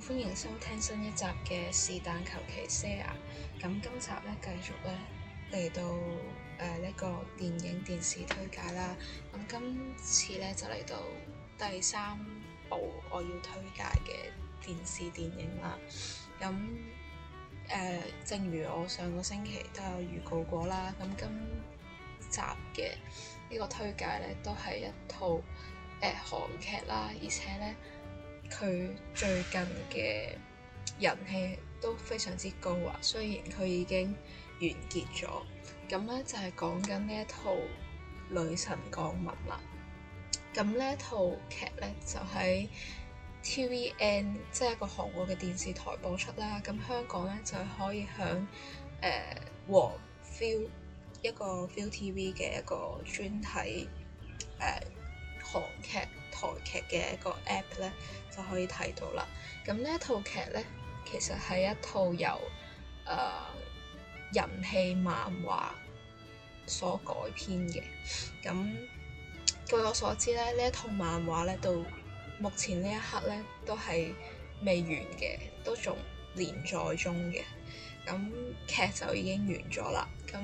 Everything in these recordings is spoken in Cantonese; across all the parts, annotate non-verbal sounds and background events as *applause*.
歡迎收聽新一集嘅是但求其 share 咁今集咧，繼續咧嚟到誒呢、呃呢個電影電視推介啦。咁今次咧就嚟到第三部我要推介嘅電視電影啦。咁誒、呃，正如我上個星期都有預告過啦。咁今集嘅呢個推介咧都係一套誒韓劇啦，而且咧。佢最近嘅人氣都非常之高啊！雖然佢已經完結咗，咁呢就係講緊呢一套女神降臨啦。咁呢一套劇呢，就喺 TVN，即係一個韓國嘅電視台播出啦。咁香港呢，就可以響誒黃 Feel 一個 Feel TV 嘅一個專題韓劇、台劇嘅一個 app 咧，就可以睇到啦。咁呢一套劇咧，其實係一套由誒、呃、人氣漫畫所改編嘅。咁據我所知咧，呢一套漫畫咧，到目前呢一刻咧，都係未完嘅，都仲連載中嘅。咁劇就已經完咗啦。咁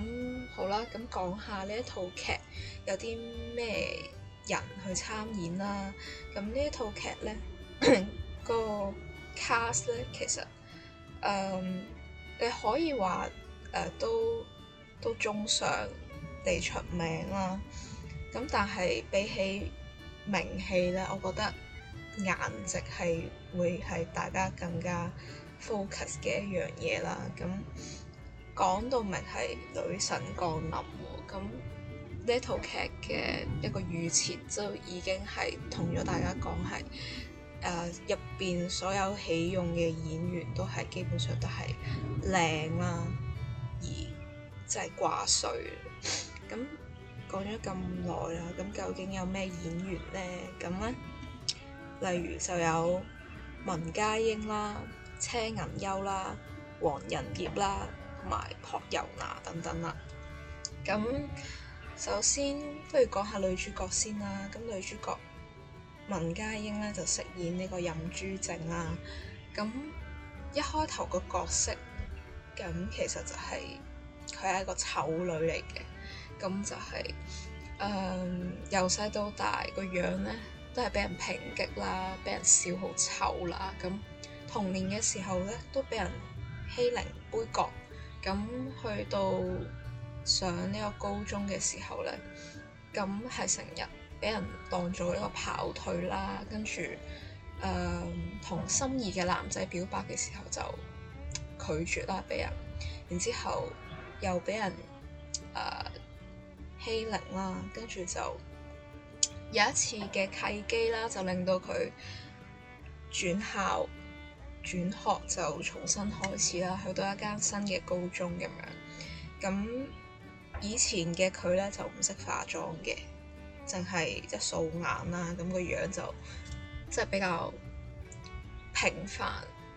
好啦，咁講下呢一套劇有啲咩人去參演啦，咁呢一套劇呢， *coughs* 個 cast 呢，其實誒、嗯、你可以話誒、呃、都都中上地出名啦，咁但係比起名氣呢，我覺得顏值係會係大家更加 focus 嘅一樣嘢啦。咁講到明係女神降臨喎，咁。呢套劇嘅一個預設，就已經係同咗大家講係入邊所有起用嘅演員都係基本上都係靚啦，而即係掛帥。咁講咗咁耐啦，咁究竟有咩演員呢？咁呢，例如就有文嘉英啦、車銀優啦、黃仁傑啦，同埋朴油娜等等啦。咁、嗯。嗯。首先，不如講下女主角先啦。咁女主角文家英呢，就飾演呢個任珠正啦。咁一開頭個角色咁其實就係佢係一個醜女嚟嘅。咁就係誒由細到大個樣呢，都係俾人抨擊啦，俾人笑好醜啦。咁童年嘅時候呢，都俾人欺凌、杯葛。咁去到上呢個高中嘅時候呢，咁係成日俾人當做一個跑腿啦，跟住誒同心儀嘅男仔表白嘅時候就拒絕啦，俾人，然之後又俾人、呃、欺凌啦，跟住就有一次嘅契機啦，就令到佢轉校轉學，就重新開始啦，去到一間新嘅高中咁樣，咁。以前嘅佢咧就唔識化妝嘅，淨係一素顏啦，咁、那個樣就即係比較平凡，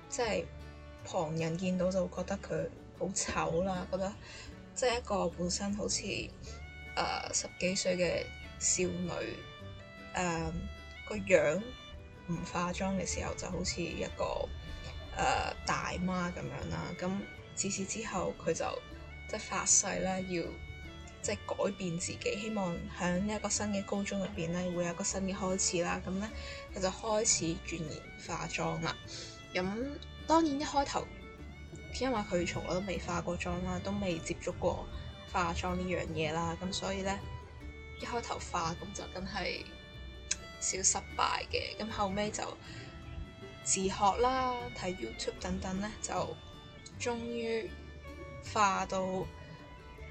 即係旁人見到就會覺得佢好醜啦，覺得即係一個本身好似誒、呃、十幾歲嘅少女，誒、呃、個樣唔化妝嘅時候就好似一個誒、呃、大媽咁樣啦。咁自此之後，佢就即係發誓啦，要。即係改變自己，希望喺一個新嘅高中入邊咧，會有個新嘅開始啦。咁咧，佢就開始鑽研化妝啦。咁當然一開頭，因為佢從來都未化過妝啦，都未接觸過化妝呢樣嘢啦。咁所以咧，一開頭化咁就梗係少失敗嘅。咁後尾就自學啦，睇 YouTube 等等咧，就終於化到。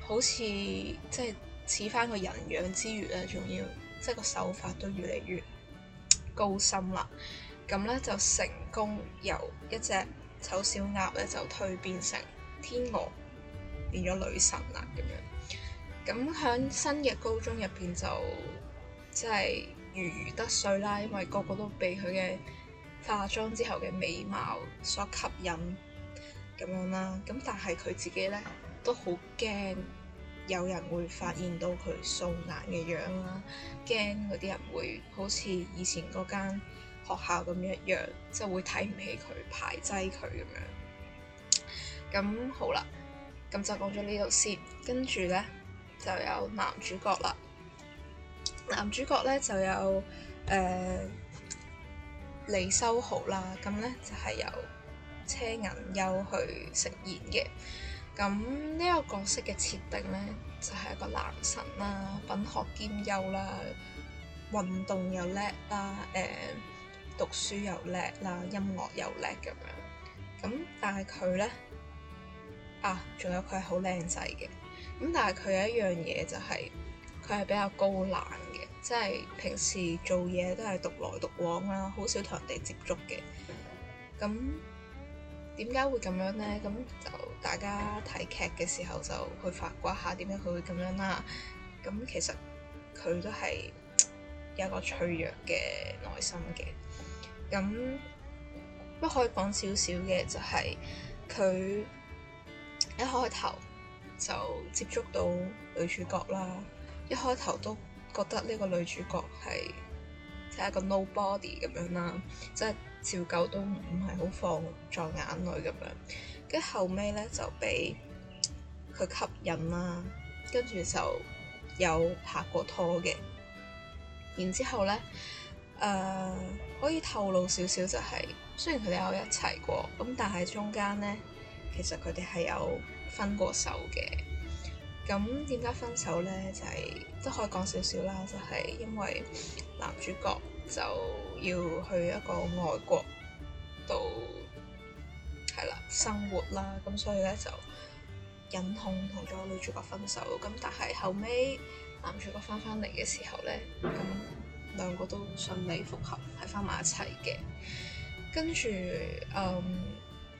好似即係似翻個人樣之餘咧，仲要即係個手法都越嚟越高深啦。咁咧就成功由一隻醜小鴨咧就蛻變成天鵝，變咗女神啦咁樣。咁喺新嘅高中入邊就即係如魚得水啦，因為個個都被佢嘅化妝之後嘅美貌所吸引咁樣啦。咁但係佢自己咧～都好驚，有人會發現到佢素顏嘅樣啦，驚嗰啲人會好似以前嗰間學校咁樣一樣，即係會睇唔起佢、排擠佢咁樣。咁好啦，咁就講咗呢度先，跟住呢就有男主角啦。男主角呢就有誒、呃、李修豪啦，咁呢就係、是、由車銀優去飾演嘅。咁呢個角色嘅設定呢，就係一個男神啦，品學兼優啦，運動又叻啦，誒，讀書又叻啦，音樂又叻咁樣。咁但係佢呢，啊，仲有佢係好靚仔嘅。咁但係佢有一樣嘢就係，佢係比較高冷嘅，即係平時做嘢都係獨來獨往啦，好少同人哋接觸嘅。咁點解會咁樣呢？咁就大家睇劇嘅時候就去發掘下點解佢會咁樣啦、啊。咁其實佢都係有一個脆弱嘅內心嘅。咁都可以講少少嘅，就係佢一開頭就接觸到女主角啦。一開頭都覺得呢個女主角係。睇一個 no body 咁樣啦，即係照舊都唔係好放在眼裏咁樣。跟後尾咧就俾佢吸引啦，跟住就有拍過拖嘅。然之後咧，誒、呃、可以透露少少就係、是，雖然佢哋有一齊過咁，但係中間咧其實佢哋係有分過手嘅。咁點解分手呢？就係、是、都可以講少少啦，就係、是、因為男主角就要去一個外國度係啦生活啦，咁所以呢，就忍痛同咗女主角分手。咁但係後尾男主角翻翻嚟嘅時候呢，咁兩個都順利復合，係翻埋一齊嘅。跟住，嗯，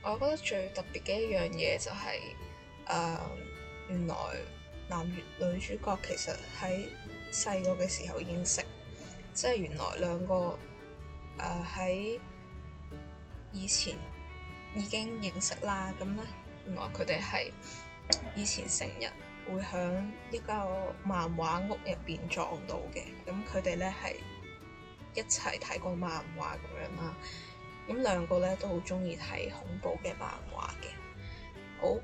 我覺得最特別嘅一樣嘢就係、是，誒、呃，原來。男、女主角其實喺細個嘅時候認識，即係原來兩個誒喺、呃、以前已經認識啦。咁咧，原來佢哋係以前成日會喺一個漫畫屋入邊撞到嘅。咁佢哋咧係一齊睇過漫畫咁樣啦。咁兩個咧都好中意睇恐怖嘅漫畫嘅。好。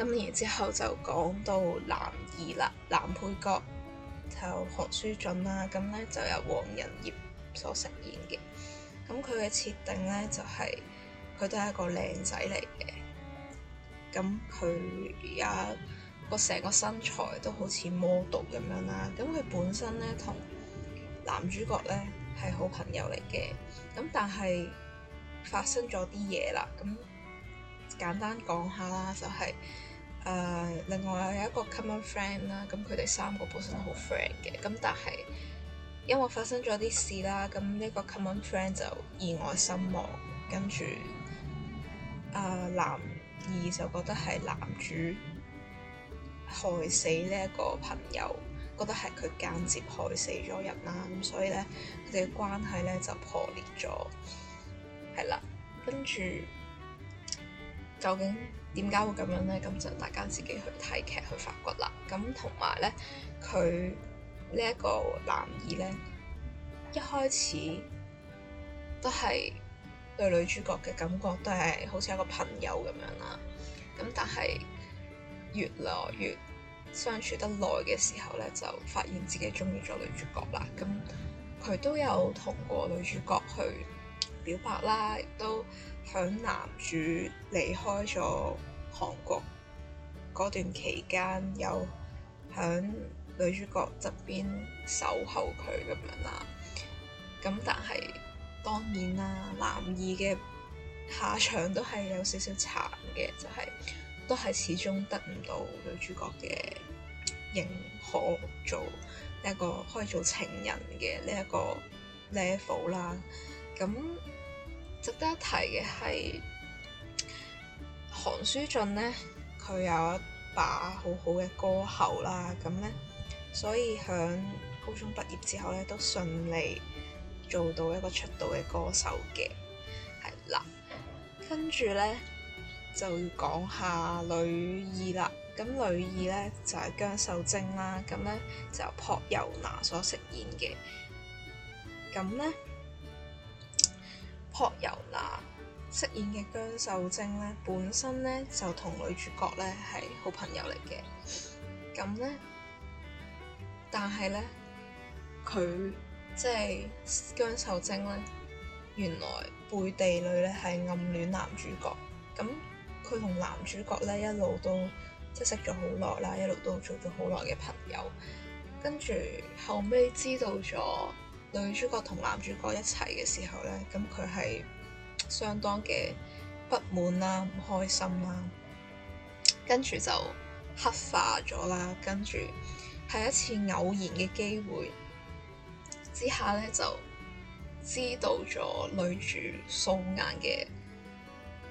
咁然之後就講到男二啦，男配角就韓書俊啦，咁咧就由黃仁燁所飾演嘅。咁佢嘅設定咧就係佢都係一個靚仔嚟嘅。咁佢而家個成個身材都好似 model 咁樣啦。咁佢本身咧同男主角咧係好朋友嚟嘅。咁但係發生咗啲嘢啦。咁簡單講下啦，就係，就係。誒，uh, 另外有一個 common friend 啦，咁佢哋三個本身都好 friend 嘅，咁但係因為發生咗啲事啦，咁呢個 common friend 就意外身亡，跟住啊男二就覺得係男主害死呢一個朋友，覺得係佢間接害死咗人啦，咁所以咧佢哋嘅關係咧就破裂咗，係啦，跟住。究竟點解會咁樣呢？咁就大家自己去睇劇去發掘啦。咁同埋呢，佢呢一個男二呢，一開始都係對女主角嘅感覺都係好似一個朋友咁樣啦。咁但係越來越相處得耐嘅時候呢，就發現自己中意咗女主角啦。咁佢都有同過女主角去。表白啦，亦都響，男主離開咗韓國嗰段期間有響女主角側邊守候佢咁樣啦。咁但係當然啦，男二嘅下場都係有少少慘嘅，就係、是、都係始終得唔到女主角嘅認可，做一個可以做情人嘅呢一個 level 啦。咁值得一提嘅係韓書俊咧，佢有一把好好嘅歌喉啦，咁咧，所以喺高中畢業之後咧，都順利做到一個出道嘅歌手嘅，係啦。跟住咧就要講下女二啦，咁女二咧就係、是、姜秀晶啦，咁咧就由朴有娜所飾演嘅，咁咧。柯尤娜飾演嘅姜秀晶咧，本身咧就同女主角咧係好朋友嚟嘅。咁咧，但係咧，佢即係姜秀晶咧，原來背地裏咧係暗戀男主角。咁佢同男主角咧一路都即係識咗好耐啦，一路都，都做咗好耐嘅朋友。跟住後尾知道咗。女主角同男主角一齊嘅時候呢，咁佢係相當嘅不滿啦、唔開心啦，跟住就黑化咗啦。跟住係一次偶然嘅機會之下呢，就知道咗女主素顏嘅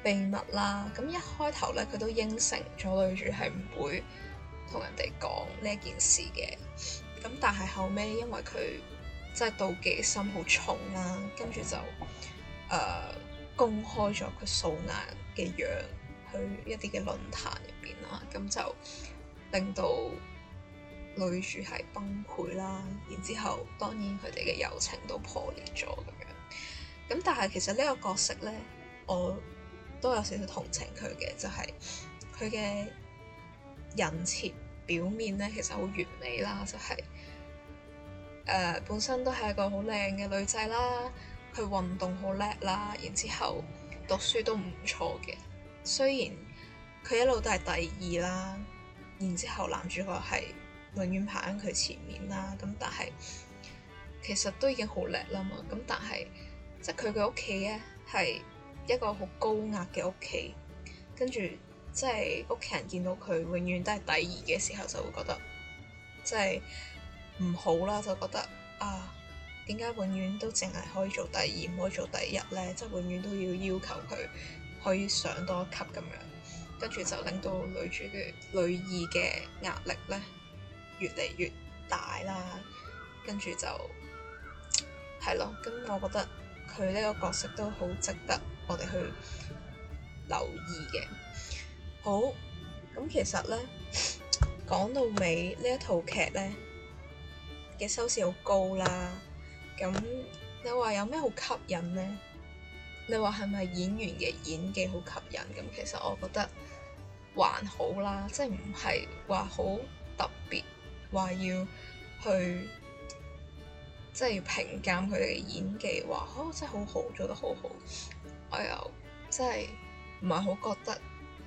秘密啦。咁一開頭呢，佢都應承咗女主係唔會同人哋講呢件事嘅。咁但係後尾，因為佢，即係妒忌心好重啦，跟住就誒、呃、公開咗佢素顏嘅樣去一啲嘅論壇入邊啦，咁就令到女主係崩潰啦，然之後當然佢哋嘅友情都破裂咗咁樣。咁但係其實呢個角色咧，我都有少少同情佢嘅，就係佢嘅人設表面咧，其實好完美啦，就係、是。呃、本身都係一個好靚嘅女仔啦，佢運動好叻啦，然之後讀書都唔錯嘅。雖然佢一路都係第二啦，然之後男主角係永遠排喺佢前面啦。咁但係其實都已經好叻啦嘛。咁但係即係佢嘅屋企咧，係一個好高壓嘅屋企，跟住即係屋企人見到佢永遠都係第二嘅時候，就會覺得即係。唔好啦，就覺得啊，點解永遠都淨係可以做第二，唔可以做第一呢？即係永遠都要要求佢可以上多一級咁樣，跟住就令到女主嘅女二嘅壓力呢越嚟越大啦。跟住就係咯，咁我覺得佢呢個角色都好值得我哋去留意嘅。好，咁，其實呢，講到尾呢一套劇呢，嘅收視好高啦，咁你話有咩好吸引呢？你話係咪演員嘅演技好吸引？咁其實我覺得還好啦，即係唔係話好特別，話要去即係評鑑佢哋嘅演技，話哦真係好好，做得好好。我又真係唔係好覺得，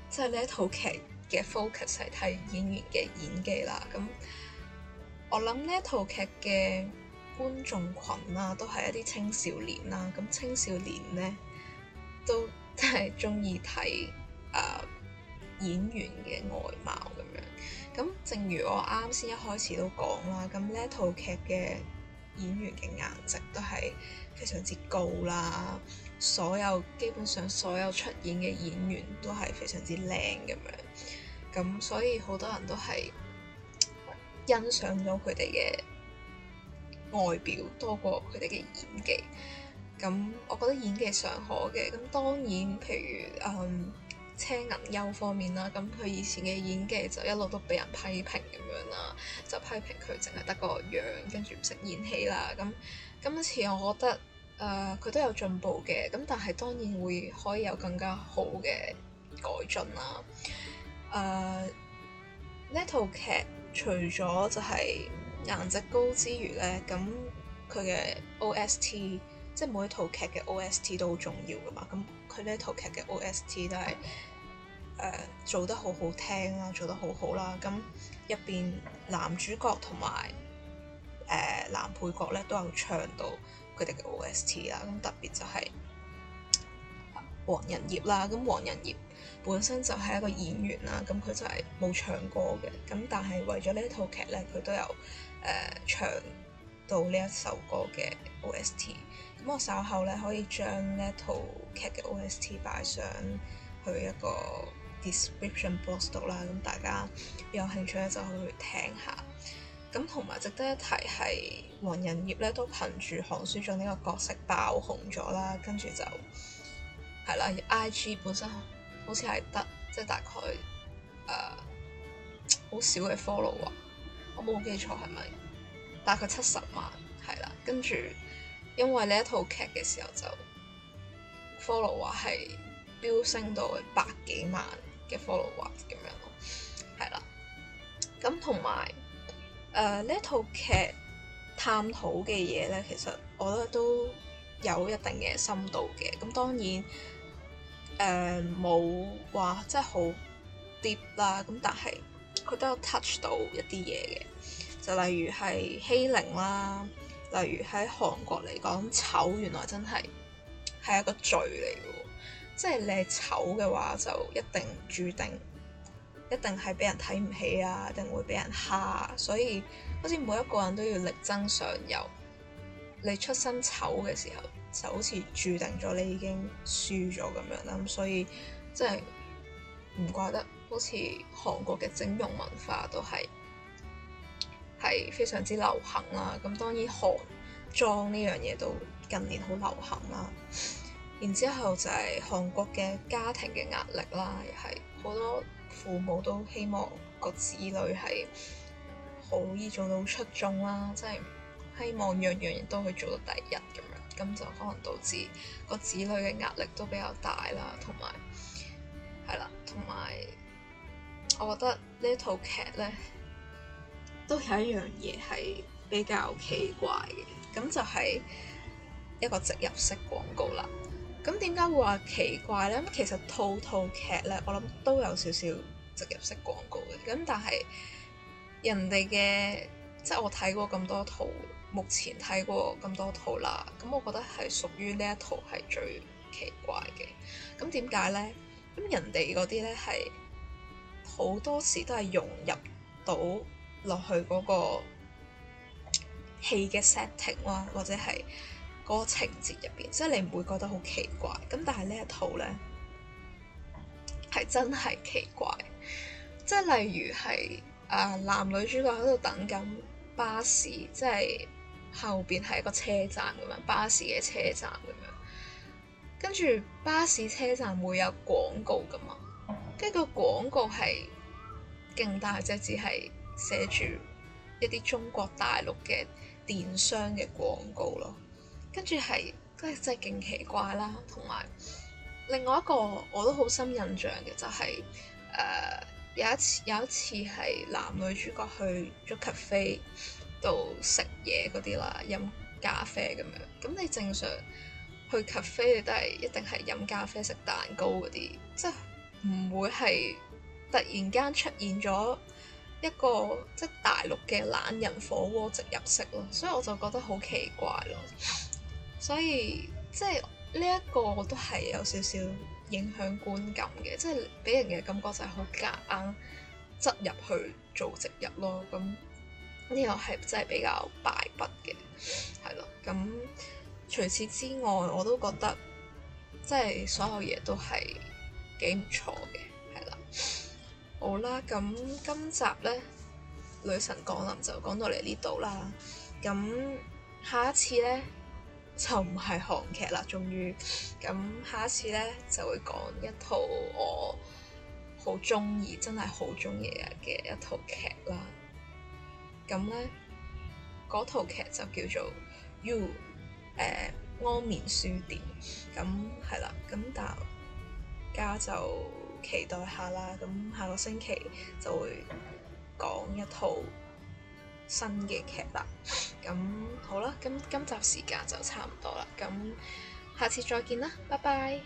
即係呢一套劇嘅 focus 係睇演員嘅演技啦，咁。我諗呢一套劇嘅觀眾群啦、啊，都係一啲青少年啦、啊。咁青少年呢，都真係中意睇誒演員嘅外貌咁樣。咁正如我啱先一開始都講啦，咁呢一套劇嘅演員嘅顏值都係非常之高啦。所有基本上所有出演嘅演員都係非常之靚咁樣。咁所以好多人都係欣賞到佢哋嘅外表多過佢哋嘅演技，咁我覺得演技尚可嘅。咁當然，譬如誒嗯、車銀優方面啦，咁佢以前嘅演技就一路都俾人批評咁樣啦，就批評佢淨係得個樣，跟住唔識演戲啦。咁今次我覺得誒佢、呃、都有進步嘅，咁但係當然會可以有更加好嘅改進啦。誒呢套劇。除咗就係顏值高之餘咧，咁佢嘅 OST，即係每一套劇嘅 OST 都好重要㗎嘛。咁佢呢一套劇嘅 OST 都係誒、呃、做得好好聽啦，做得好好啦。咁入邊男主角同埋誒男配角咧都有唱到佢哋嘅 OST 啦。咁特別就係黃仁業啦，咁黃仁業。本身就係一個演員啦，咁佢就係冇唱歌嘅，咁但係為咗呢一套劇咧，佢都有誒、呃、唱到呢一首歌嘅 OST。咁我稍後咧可以將呢一套劇嘅 OST 擺上去一個 description box 度啦，咁大家有興趣咧就可以去聽下。咁同埋值得一提係黃仁業咧都憑住韓書俊呢個角色爆紅咗啦，跟住就係啦 IG 本身。好似係得，即係大概誒好少嘅 follow 啊！我冇記錯係咪大概七十萬係啦？跟住因為呢一套劇嘅時候就 follow 啊係飆升到百幾萬嘅 follow 啊咁樣咯，係啦。咁同埋誒呢套劇探討嘅嘢咧，其實我覺得都有一定嘅深度嘅。咁當然。誒冇話真係好 deep 啦，咁但係佢都有 touch 到一啲嘢嘅，就例如係欺凌啦，例如喺韓國嚟講，醜原來真係係一個罪嚟嘅，即係你係醜嘅話，就一定注定一定係俾人睇唔起啊，一定會俾人蝦，所以好似每一個人都要力爭上游。你出身醜嘅時候，就好似注定咗你已經輸咗咁樣啦，咁所以即係唔怪得好似韓國嘅整容文化都係係非常之流行啦。咁當然韓妝呢樣嘢都近年好流行啦。然之後就係韓國嘅家庭嘅壓力啦，係好多父母都希望個子女係好易做到出衆啦，即係希望樣樣嘢都可以做到第一咁。咁就可能導致個子女嘅壓力都比較大啦，同埋係啦，同埋我覺得呢套劇呢，都有一樣嘢係比較奇怪嘅，咁 *noise* 就係一個植入式廣告啦。咁點解會話奇怪呢？咁其實套套劇呢，我諗都有少少植入式廣告嘅，咁但係人哋嘅即係我睇過咁多套。目前睇過咁多套啦，咁我覺得係屬於呢一套係最奇怪嘅。咁點解呢？咁人哋嗰啲呢，係好多時都係融入到落去嗰、嗰個戲嘅 setting 啦，或者係嗰個情節入邊，即係你唔會覺得好奇怪。咁但係呢一套呢，係真係奇怪，即係例如係誒、呃、男女主角喺度等緊巴士，即係。後邊係一個車站咁樣，巴士嘅車站咁樣，跟住巴士車站會有廣告㗎嘛？跟住個廣告係勁大隻，只係寫住一啲中國大陸嘅電商嘅廣告咯。跟住係真係勁奇怪啦，同埋另外一個我都好深印象嘅就係、是、誒、呃，有一次有一次係男女主角去咗 cafe 度食嘢嗰啲啦，飲咖啡咁樣。咁你正常去 cafe，你都係一定係飲咖啡食蛋糕嗰啲，即係唔會係突然間出現咗一個即係大陸嘅懶人火鍋植入式咯。所以我就覺得好奇怪咯。所以即係呢一個都係有少少影響觀感嘅，即係俾人嘅感覺就係好夾硬擠入去做植入咯。咁。呢個係真係比較敗筆嘅，係咯。咁除此之外，我都覺得即係所有嘢都係幾唔錯嘅，係啦。好啦，咁今集呢，女神降臨就講到嚟呢度啦。咁下一次呢，就唔係韓劇啦，終於。咁下一次呢，就會講一套我好中意，真係好中意嘅一套劇啦。咁咧，嗰套劇就叫做 you，呃《You》，誒安眠書店，咁係啦，咁大家就期待下啦。咁下個星期就會講一套新嘅劇啦。咁好啦，咁今今集時間就差唔多啦。咁下次再見啦，拜拜。